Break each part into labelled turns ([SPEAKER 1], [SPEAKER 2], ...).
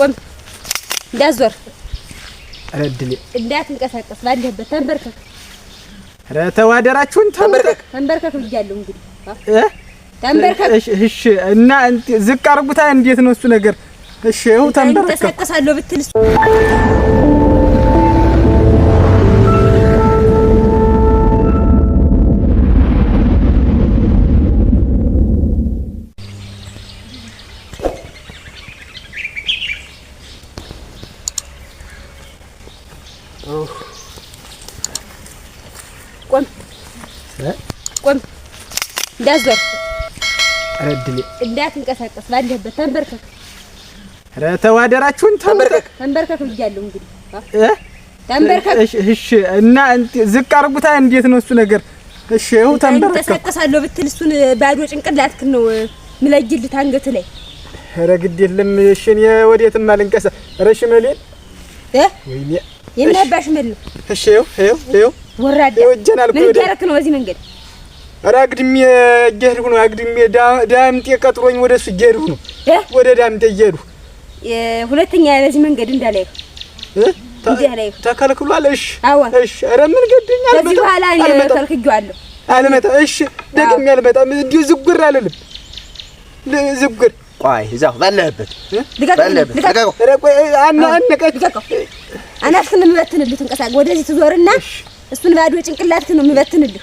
[SPEAKER 1] ቆም፣ እንዳዞር ረድል እንዳትንቀሳቀስ፣ ባለህበት ተንበርከክ።
[SPEAKER 2] ኧረ ተው አደራችሁን፣ ተንበርከክ፣
[SPEAKER 1] ተንበርከክ ብያለሁ።
[SPEAKER 2] እንግዲህ ተንበርከክ። እሺ፣ እና ዝቅ አድርጉታ። እንዴት ነው እሱ ነገር? እሺ፣ ይኸው ተንበርከክ። እንቀሳቀሳለሁ ብትል እንዳትዞር፣ ረድሌ
[SPEAKER 1] እንዳትንቀሳቀስ፣ ባለህበት ተንበርከክ።
[SPEAKER 2] ኧረ ተው አደራችሁን፣ ተንበርከክ
[SPEAKER 1] ተንበርከክ ብያለሁ።
[SPEAKER 2] እንግዲህ ተንበርከክ። እሺ። እና ዝቅ አድርጉታ። እንዴት ነው እሱ ነገር? እሺ፣ ይኸው ተንበርከክ።
[SPEAKER 1] እንቀሳቀሳለሁ ብትል እሱን ባዶ ጭንቅላትክ ነው ምለጅልህ አንገት ላይ።
[SPEAKER 2] ኧረ ግድ የለም። እሺ፣ እኔ ወዴትም አልንቀሳ። ኧረ ሽመሌን እ ወይኔ
[SPEAKER 1] የምናባሽ መል ነው።
[SPEAKER 2] እሺ፣ ይኸው ይኸው ይኸው ወራዳ። ይኸው እጄን አልኩህ። ምን
[SPEAKER 1] እያደረክ ነው በዚህ መንገድ?
[SPEAKER 2] ኧረ አግድሜ እየሄድኩ ነው። አግድሜ ዳምጤ ቀጥሮኝ ወደ እሱ እየሄድኩ ነው። ወደ ዳምጤ እየሄድኩ
[SPEAKER 1] ሁለተኛ በዚህ መንገድ እንዳላይ
[SPEAKER 2] ተከልክሏል። እሺ፣ እሺ። ኧረ ምን ገደኛ
[SPEAKER 1] ከዚህ በኋላ ከልክዬዋለሁ።
[SPEAKER 2] አልመጣም። እሺ፣ ደግሜ አልመጣም። እንዲሁ ዝጉር አልልም። ዝጉር
[SPEAKER 3] ቆይ፣ እዛው ባለህበት
[SPEAKER 1] ባለህበት የምበትንልህ ትንቀሳቀስ። ወደዚህ ትዞርና እሱን ባዶ ጭንቅላትህን ነው የምበትንልህ።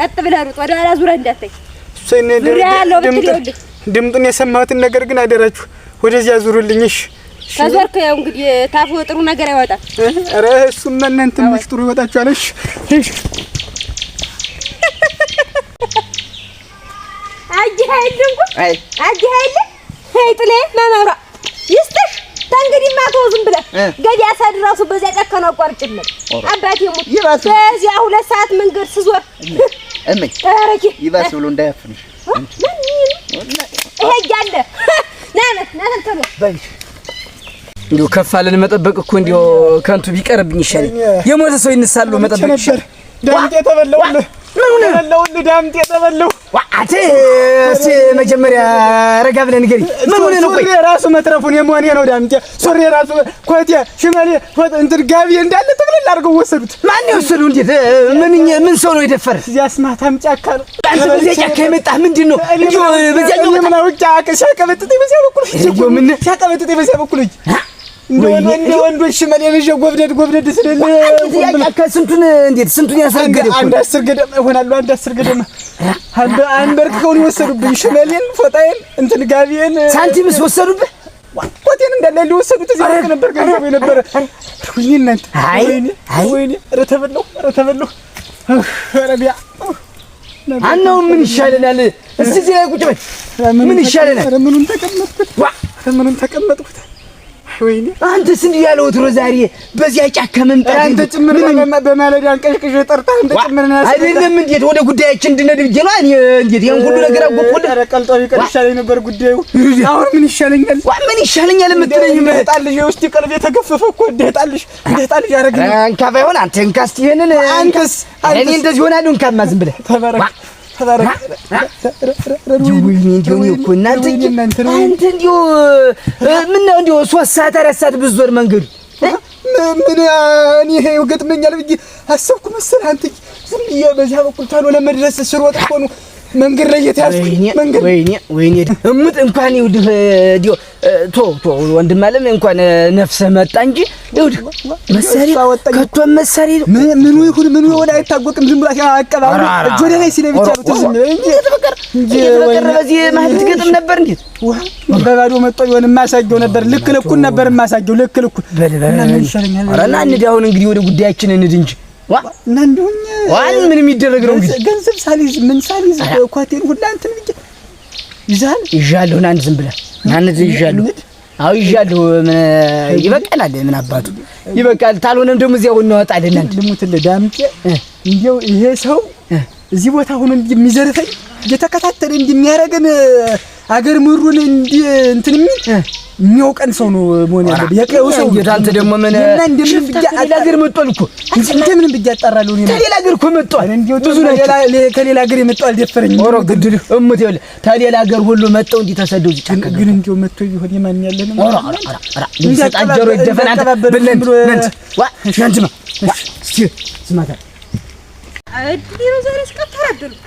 [SPEAKER 1] ቀጥ ብለህ ሩጥ፣ ወደ ኋላ ዙረህ
[SPEAKER 2] ድምጡን የሰማሁትን ነገር ግን አደራችሁ ወደዚያ ዙሩልኝ። እሺ፣
[SPEAKER 1] ከዞርክ ያው እንግዲህ ታፉ ጥሩ ነገር አይወጣም።
[SPEAKER 2] ኧረ እሱማ እናንተም ጥሩ ይወጣችኋል። እሺ፣ ጥሌ ይስጥሽ። በዚያ አባቴ ሙት
[SPEAKER 1] በዚያ ሁለት ሰዓት መንገድ ስዞር
[SPEAKER 3] እመይ ይባስ ብሎ እንዳያፍንሽ።
[SPEAKER 2] እንዲያው ከፍ አለን መጠበቅ እኮ እንዲያው ከንቱ ቢቀርብኝ ይሻለኝ። የሞተ ሰው ይነሳሉ መጠበቅ ይሻል። ዳምጤ ተበላውልህ ምን ሆነህ ይኸውልህ ዳምጤ ተበለው።
[SPEAKER 3] አንተ እስኪ መጀመሪያ ረጋ ብለህ ንገሪኝ፣
[SPEAKER 2] ምን ሆነህ ነው? ሱሪ እራሱ መትረፉን የመሆኔ ነው ዳምጤ። ሱሪ ራሱ ኮቴ፣ ሽመሌ፣ እንትን ጋቢ እንዳለ ጥቅልል አድርገው ወሰዱት።
[SPEAKER 3] ማነው የወሰዱ? እንዴት? ምን ሰው ነው የደፈረ?
[SPEAKER 2] እዚያ አስማታም ጫካ ነው።
[SPEAKER 3] አንተ በዚያ ጫካ የመጣህ ምንድን ነው? እንዲሁ በዚያ
[SPEAKER 2] ጫካ ምን አውቄ ሲያቀበጥጠኝ በዚያ
[SPEAKER 3] በኩል
[SPEAKER 2] እጅ እንደ ወንዶች ሽመል ልጅ ጎብደድ ጎብደድ
[SPEAKER 3] ስለለ ስንቱን እንዴት ስንቱን ያሳገደ
[SPEAKER 2] አንድ አስር ገደማ ይሆናሉ። አንድ አስር ገደማ አንበርክከውን ይወሰዱብኝ። ሽመሌን፣ ፎጣዬን፣ እንትን ጋቢዬን፣
[SPEAKER 3] ሳንቲምስ ወሰዱብህ።
[SPEAKER 2] ኮቴን እንዳለ ሊወሰዱት እዚህ ልክ ነበር ገንዘቡ የነበረ ወይኔ እናንተ አይ አይ ወይኔ ኧረ ተበላሁ ኧረ ተበላሁ ኧረ ቢያ
[SPEAKER 3] አናው ምን ይሻለናል? እዚህ ላይ ቁጭ በል ምን ይሻለናል?
[SPEAKER 2] ኧረ ምኑን ተቀመጥኩት ዋ ኧረ ምኑን ተቀመጥኩት
[SPEAKER 3] ወይኔ አንተ ስንት ያለው ወትሮ ዛሬ በዚያ ጫካ መምጣት
[SPEAKER 2] አንተ ጭምር በማለዳ አንቀሽቅሽ ጠርታ አንተ
[SPEAKER 3] ጭምር ነው አይደለም። እንዴት ወደ ጉዳያችን እንድንሄድ ብዬሽ ነው። እንዴት ይሄን ሁሉ ነገር አጎቆለ
[SPEAKER 2] ቀልጦ ቢቀር ይሻለኝ ነበር ጉዳዩ። አሁን ምን ይሻለኛል?
[SPEAKER 3] ዋ ምን ይሻለኛል የምትለኝ ምን
[SPEAKER 2] ጣልሽ? የውስጥ ቀልብ የተገፈፈ እኮ እንደ ጣልሽ እንደ ጣልሽ ያረጋግኝ
[SPEAKER 3] አንካ ባይሆን አንተ እንካ እስኪ
[SPEAKER 2] ይሄንን አንተስ
[SPEAKER 3] እኔ እንደዚህ ሆናለሁ። እንካማ ዝም ብለህ ተባረክ እንደው ሦስት ሰዓት መንገዱ
[SPEAKER 2] ምን እኔ ይኸው ገጥመኛል ብዬሽ አሰብኩ መሰለህ አንተ ዝም ብዬሽ በዚያ በኩል ታሎ ለመድረስ ስሮጥ እኮ ነው መንገድ ላይ የተያዝኩኝ
[SPEAKER 3] መንገድ ወይኔ ወይኔ እሙት እንኳን ይውድህ ዲዮ ቶ ቶ ወንድም አለም እንኳን ነፍሰ መጣ እንጂ ይውድህ መሰሪ ከቶ መሰሪ
[SPEAKER 2] ምን ምን ይሁን ምን ወደ አይታወቅም። ዝም ብላ አቀባሉ እጅ ወደ ላይ ሲለኝ ብቻ ነው
[SPEAKER 3] ትዝ እንጂ እንጂ ወይኔ በዚህ ማህል ትገጥም ነበር። እንዴት
[SPEAKER 2] በባዶ መጥቶ ቢሆን የማሳየው ነበር። ልክ ልኩን ነበር የማሳየው ልክ ልኩን።
[SPEAKER 3] እና ምን ይሻለኛል? ኧረ እና አሁን እንግዲህ ወደ ጉዳያችን እንሂድ እንጂ ዋ እና እንደውም ዋን ምን የሚደረግ ነው እንግዲህ
[SPEAKER 2] ገንዘብ ሳልይዝ ምን ሳልይዝ ኳቴን ሁላ እንትን ልጅ ይዛል
[SPEAKER 3] ይዣለሁ። አንድ ዝም ብለህ ማን እዚህ ይዣለሁ። አዎ ይዣለሁ። ይበቃላል። ምን አባቱ ይበቃል። ታልሆነ እንደውም እዚያው እናወጣለን። አንድ
[SPEAKER 2] ልሙትልህ ዳምጤ እንዲያው ይሄ ሰው እዚህ ቦታ ሆኖ የሚዘርፈኝ እየተከታተለ እንደሚያደርገን አገር ምሩን እንዲህ እንትን የሚል የሚያውቀን ሰው ነው መሆን ያለበት።
[SPEAKER 3] የቀዩ ሰው እንዳንተ ደግሞ ምን
[SPEAKER 2] ሌላ ሀገር መጥቷል እኮ እንደምንም ብዬሽ አጣራለሁ።
[SPEAKER 3] ከሌላ ሀገር እኮ መጥቷል፣
[SPEAKER 2] ብዙ ነው ከሌላ ሀገር የመጣው አልደፈረኝ።
[SPEAKER 3] ኦሮ ግድ እሙት ይኸውልህ ከሌላ ሀገር ሁሉ መጥተው እንዲህ ተሰደው እዚህ
[SPEAKER 2] ግን እንዲሁ መጥቶ ይሆን የማን ያለ ነው
[SPEAKER 3] ታጀሮ ይደፈን አንተ ብለን ነንት ዋ ናንትማ እስኪ ስማታ
[SPEAKER 1] ዛሬ እስከ ተረድልኩ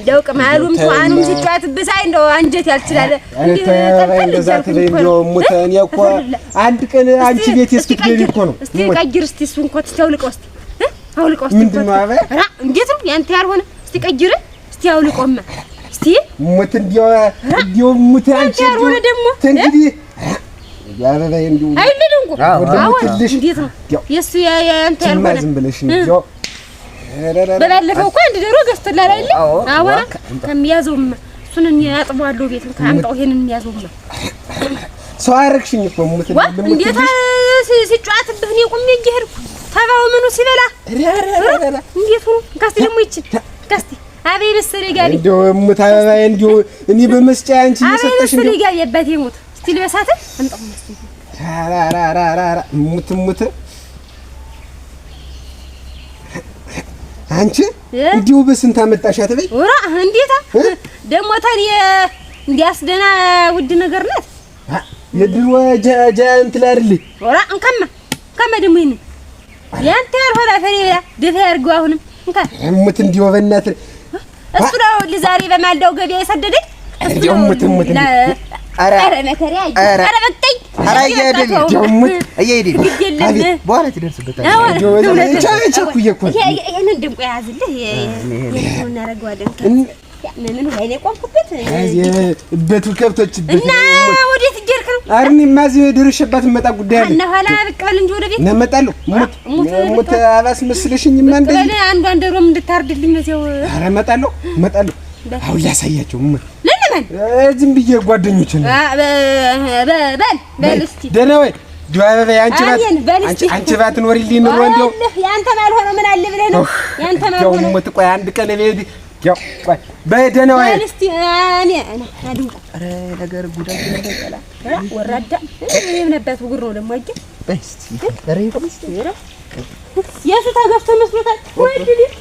[SPEAKER 1] እንደው ቅማሉም ተዋንም ሲጫወትብህ እንደው አንጀት ያልችላል።
[SPEAKER 2] እንደዛ ትበይ እንደው እሙት እኔ እኮ አንድ ቀን አንቺ ቤት እስክትገቢ እኮ ነው።
[SPEAKER 1] እስቲ ቀይር እስቲ እሱን እኮ እስቲ አውልቀው እስቲ አውልቀው እስቲ ምንድን ነው አበ ራ እንዴት ነው ያንተ ያልሆነ እስቲ ቀይር እስቲ አውልቆማ እስቲ
[SPEAKER 2] እሙት እንደው እንደው እሙት አንቺ ያልሆነ ደግሞ እንግዲህ ያበበይ እንደው
[SPEAKER 1] አይልልም እኮ እንዴት ነው የእሱ ያንተ ያልሆነ
[SPEAKER 2] ዝም ብለሽ እንደው
[SPEAKER 1] በላለፈው እኮ አንድ ዶሮ ገዝቶላል አይደል? አወራ ከሚያዘውማ እሱን ያጥቧለሁ። ቤትን ከአምጣው ይሄንን የሚያዘውማ
[SPEAKER 2] ሰው አደረግሽኝ እኮ ሙት
[SPEAKER 1] እንዴት ሲጫወትብህ እኔ ቁሜ እየሄድኩ ተባው ምኑ ሲበላ እንዴት ሆኖ እንካስቲ ደግሞ ይችን እንካስቲ አቤ መሰለኝ ጋቢ
[SPEAKER 2] እንደው እሙት አበባዬ እንደው እኔ በመስጫ አንቺ
[SPEAKER 1] እየሰጠሽ እንደው አቤ መሰለኝ ጋቢ አባቴ ሞት እስቲ ልበሳት አምጣው
[SPEAKER 2] መስሎኝ ኧረ ኧረ አንቺ እንዲሁ በስንት አመጣሻት በይ።
[SPEAKER 1] ኧረ እንዴታ ደግሞ ታዲያ እንዲያስደና ውድ ነገር ናት።
[SPEAKER 2] የድሮ ጃጃ እንትን አይደል?
[SPEAKER 1] ኧረ እንከማ እንካማ ደግሞ ይሄን ያንተ ያልሆነ ፈሪ ደፋ ያድርገው። አሁንም
[SPEAKER 2] እንከ እሙት እንዲሁ በእናትህ
[SPEAKER 1] እሱ ነው ለዛሬ በማልደው ገበያ የሰደደኝ
[SPEAKER 2] እሱ እሙት እሙት።
[SPEAKER 1] አረ አረ መከሪያ አረ ኧረ አረ
[SPEAKER 2] ኧረ እያደለ እሙት እየሄድን በኋላ ትደርስበታለህ።
[SPEAKER 1] የያዝልህ እናደርገዋለን። ነው
[SPEAKER 2] በቱ እና ወዴት
[SPEAKER 1] እየሄድክ ነው?
[SPEAKER 2] ኧረ እኔማ እዚህ የምመጣ ጉዳይ
[SPEAKER 1] አለ ኋላ ብቅ በል እንጂ ወደ ቤት
[SPEAKER 2] ነው ሙት ሙት እንደ
[SPEAKER 1] አንዷን ደሮም እንድታርድልኝ ኧረ
[SPEAKER 2] እመጣለሁ እመጣለሁ። ዝም ነው።
[SPEAKER 1] በል በል እስኪ
[SPEAKER 2] ደህና ወይ ዲባባ አንቺ ባት አንቺ ባት ኖሪልኝ ኑሮ
[SPEAKER 1] እንደው ያንተ ባልሆነ ምን አለ ብለህ ነው ያንተ ባልሆነ
[SPEAKER 2] ነው። ቆይ አንድ ቀን ለቤት ያው ቆይ በደህና ወይ
[SPEAKER 1] እስቲ እኔ አድም
[SPEAKER 2] ኧረ ነገር ጉዳይ ተቀላ
[SPEAKER 1] ወራዳ እኔም ነበር ጉር ነው ደግሞ አጀ
[SPEAKER 2] በስቲ ኧረ ይፈስቲ ኧረ
[SPEAKER 1] የእሱ ተገፍቶ መስሎታል ወይ ልጅ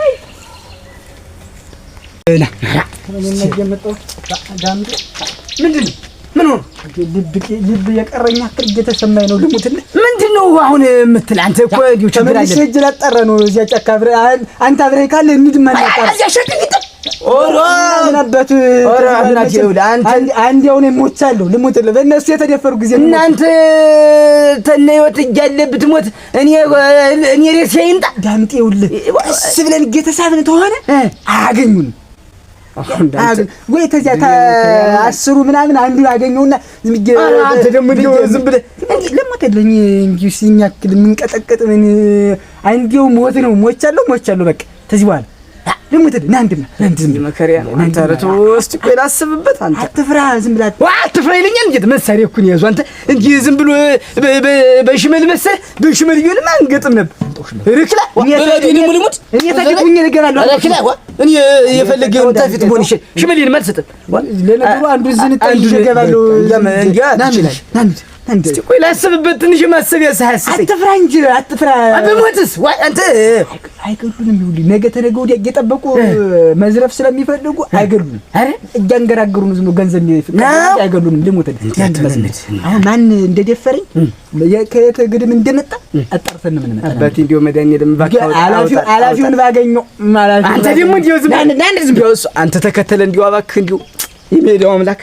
[SPEAKER 1] ወይ
[SPEAKER 2] እና ምንድን ነው ልብ የቀረኝ አክል እየተሰማኝ ነው። ልሙትና
[SPEAKER 3] ምንድን ነው አሁን የምትል አንተ እኮ
[SPEAKER 2] ችግር አለ። እጅ ላጠረ ነው እዚያ ጫካ ብረ አንተ አብረህ ካለ እንድማ ናጠር ምናበት አንድ አሁን ሞቻለሁ። ልሙት በእነሱ የተደፈሩ
[SPEAKER 3] ጊዜ እናንተ ተነ ህይወት እያለብት ሞት እኔ ሬሴ ይምጣ ዳምጤ ውል ስ ብለን እየተሳብን ተሆነ
[SPEAKER 2] አያገኙን ወይ ተዚያ አስሩ ምናምን አንዱን አገኘውና ዝም ብለህ ሲኛክል የምንቀጠቀጥ ምን አንዴው ሞት ነው። ሞቻለሁ ሞቻለሁ በቃ ተዚህ በኋላ ደግሞ ና እንድና አንተ እስኪ ቆይ
[SPEAKER 1] አንተ አትፍራ፣ ዝም ብላ
[SPEAKER 3] አትፍራ ይለኛል። እንዴት መሳሪያ እኮ ነው የያዙ። አንተ እንጂ ዝም ብሎ በሽመል መሰል በሽመል ይሆንማ አንገጥም ነበር። እኔ ተገጥኝ ነገር አለ ርክላ እኔ የፈለገውን ታፊት ሆን ይችላል። ሽመሌን ማልሰጥ
[SPEAKER 2] ለነገሩ አንዱ ዝንጣ ይገባሉ። ና እንሂድ
[SPEAKER 3] እንዴ ቆይ ላስብበት። ትንሽ ማሰብ
[SPEAKER 1] ያሳስ አትፍራ እንጂ
[SPEAKER 3] አትፍራ። በሞትስ አንተ
[SPEAKER 2] አይገሉንም። ይኸውልህ ነገ ተነገ ወዲያ እየጠበቁ መዝረፍ ስለሚፈልጉ አይገሉንም። አረ እያንገራገሩ ዝም ብሎ ገንዘብ የሚፈልግ አይገሉንም። ልሞት ማን እንደደፈረኝ ከየት ግድም እንደመጣ አጣርተን ምን መጣ አባቴ እንዲሁ መድኃኒዓለም
[SPEAKER 3] እባክህ አላፊው አላፊውን ባገኘው ማለት አንተ ደግሞ እንዲሁ ዝም
[SPEAKER 2] አንተ ተከተለ እንዲሁ እባክህ እንዲሁ የሚሄደው አምላክ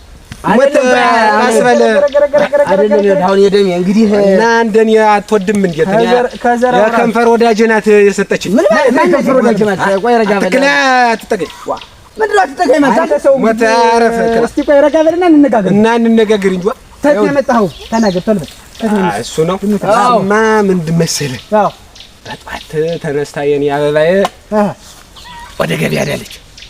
[SPEAKER 2] አስበለ አሁን የደሜ እንግዲህ እና እንደኔ አትወድም እንዴት? የከንፈር ወዳጄ ናት የሰጠችኝ። ከንፈር ወዳጄ ናት። ቆይ ረጋ በል አትጠገኝ ምንድን ነው አትጠገኝ ማለት አረፈ። እስኪ ቆይ ረጋ በልና እንነጋገር እና እንነጋገር እንጂ ተት የመጣኸው። ተናገር ተልበት እሱ ነው እሱማ ምንድን መሰለህ በጠዋት ተነስታ የኔ አበባዬ ወደ ገበያ ሄዳለች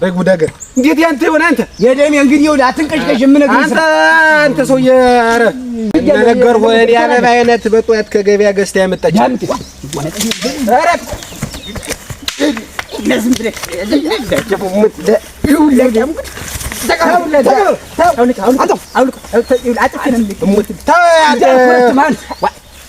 [SPEAKER 2] በጉድ አገር እንዴት ያንተ ይሆን አንተ የደሜ እንግዲህ ይኸውልህ፣ አትንቀሽቀሽ። የምነግርህ አንተ አንተ ሰውዬ፣ ኧረ ነገር ሆይ ያለ አይነት በጧት ከገበያ ገዝታ ያመጣች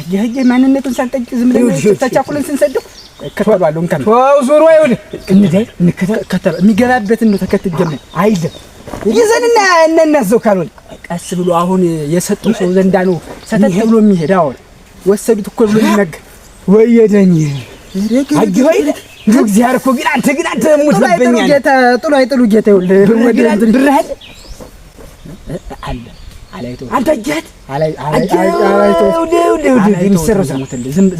[SPEAKER 2] አየህ ማንነቱን ሳንጠይቅ ዝም ብለን ተቻኩለን ስንሰደው እከተለዋለሁ። እንከን ተው ዞሮ አይሆን እንዴ እንከተል የሚገባበትን ነው ተከትጀም አይደል ይዘንና እናናዘው ካልሆነ ቀስ ብሎ አሁን የሰጠው ሰው ዘንዳ ነው ሰተት ብሎ የሚሄድ አሁን ወሰዱት እኮ ብሎ የሚነገር ወየ ደኔ እግዚአብሔር እኮ ግን አንተ ግን አንተ ሙትለበኛል ጥሎ አይጥሉ ጌታ ይኸውልህ ብርሃል አለ አንተ እጅህት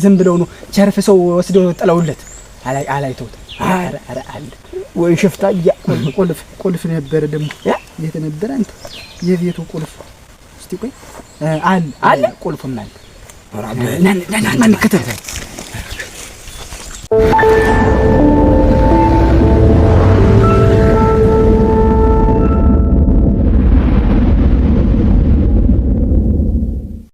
[SPEAKER 2] ዝም ብለው ነው። ቸርፍ ሰው ወስደው ጥለውለት አላይተውት ወይ ሽፍታ ቁልፍ ቁልፍ ነበረ ደግሞ የት ነበረ አንተ የቤቱ ቁልፍ? እስቲ ቆይ አለ አለ ቁልፍም አለ